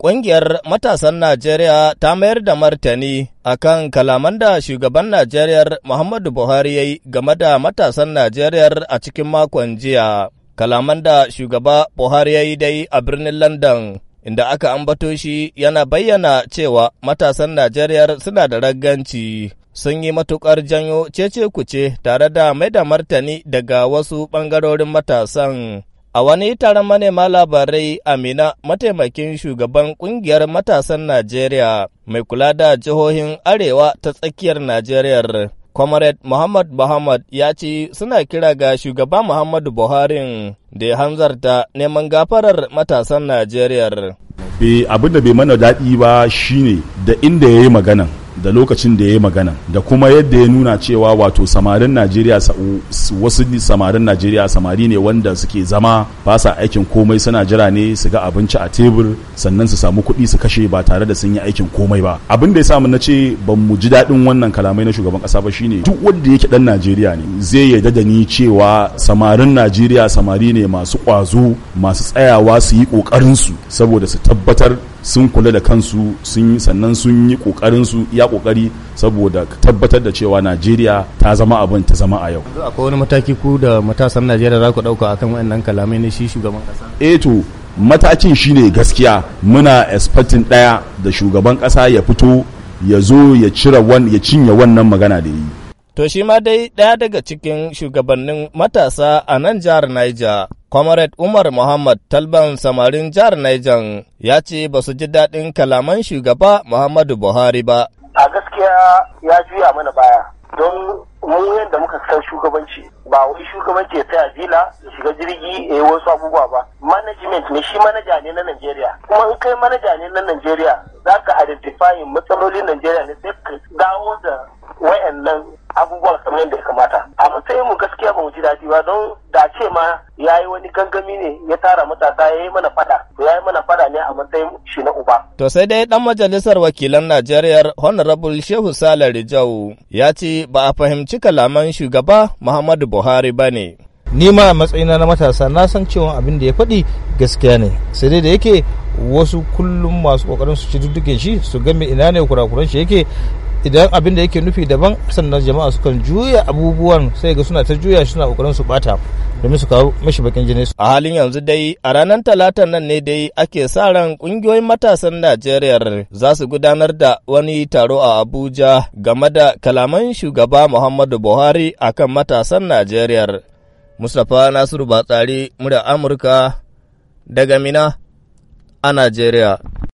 Ƙungiyar matasan Najeriya ta mayar da martani a kan kalaman da shugaban Najeriya Muhammadu Buhari ya yi game da matasan Najeriya a cikin makon jiya. Kalaman da shugaba Buhari ya yi dai a birnin London, inda aka ambato shi yana bayyana cewa matasan Najeriya suna da ragganci. Sun yi matuƙar janyo cece kuce tare da mai da martani daga wasu ɓangarorin matasan. A wani taron manema labarai Amina mataimakin shugaban ƙungiyar matasan Najeriya mai kula da jihohin Arewa ta tsakiyar Najeriya. Comrade Muhammad Muhammad ya ce suna kira ga shugaba Muhammadu Buhari da ya hanzarta neman gafarar matasan Najeriya. Abin da bai mana daɗi ba shine da inda ya yi maganan da lokacin da ya yi magana da kuma yadda ya nuna cewa wato samarin najeriya wasu samarin najeriya samari ne wanda suke zama ba sa aikin komai suna jira ne su ga abinci a tebur sannan su samu kuɗi su kashe ba tare da sun yi aikin komai ba abin da ya samu na ce ban mu ji daɗin wannan kalamai na shugaban ƙasa ba shine duk wanda yake ɗan najeriya ne zai yarda da ni cewa samarin najeriya samari ne masu ƙwazo masu tsayawa su yi ƙoƙarinsu saboda su tabbatar sun kula da kansu sun sannan sun yi kokarin su ya kokari saboda tabbatar da cewa Najeriya ta zama abin ta zama a yau. Akwai wani mataki ku da matasan Najeriya za ku dauka akan wayannan kalamai ne shi shugaban kasa. Eh to matakin shine gaskiya muna expecting daya da shugaban kasa ya fito ya zo ya cire ya cinye wannan magana da yi. To shi ma dai ɗaya daga cikin shugabannin matasa a nan jihar Niger, Comrade Umar Muhammad Talban samarin jihar Niger ya ce ba su ji daɗin kalaman shugaba Muhammadu Buhari ba. A gaskiya ya juya mana baya don mu yadda muka san shugabanci ba wai shugabanci ya tsaya jila ya shiga jirgi ya yi wasu abubuwa ba management ne shi manaja ne na Najeriya kuma in kai manaja ne na Najeriya za ka identify matsalolin Najeriya ne sai ka dawo da wayannan abubuwan kamar da ya kamata a matsayin mu gaskiya ba mu ji daɗi ba don da ce ma ya yi wani gangami ne ya tara matasa ya yi mana fada to ya yi mana fada ne a matsayin shi na uba. To sai dai dan majalisar wakilan Najeriya Honorable Shehu Sale Rijau ya ce ba a fahimci kalaman shugaba Muhammadu Buhari ba ne. Ni ma a matsayina na matasa na san cewa abin da ya faɗi gaskiya ne sai dai da yake wasu kullum masu kokarin su ci dudduke shi su ga ina ne kurakuran shi yake idan abin da yake nufi daban sannan jama'a sukan juya abubuwan sai ga suna ta juya suna kokarin su bata domin su kawo mashi bakin jini su. a halin yanzu dai a ranar talata nan ne dai ake sa ran kungiyoyin matasan Najeriya za su gudanar da wani taro a Abuja game da kalaman shugaba Muhammadu Buhari akan matasan Najeriya Mustapha Nasiru Batsari murya Amurka daga Mina a Najeriya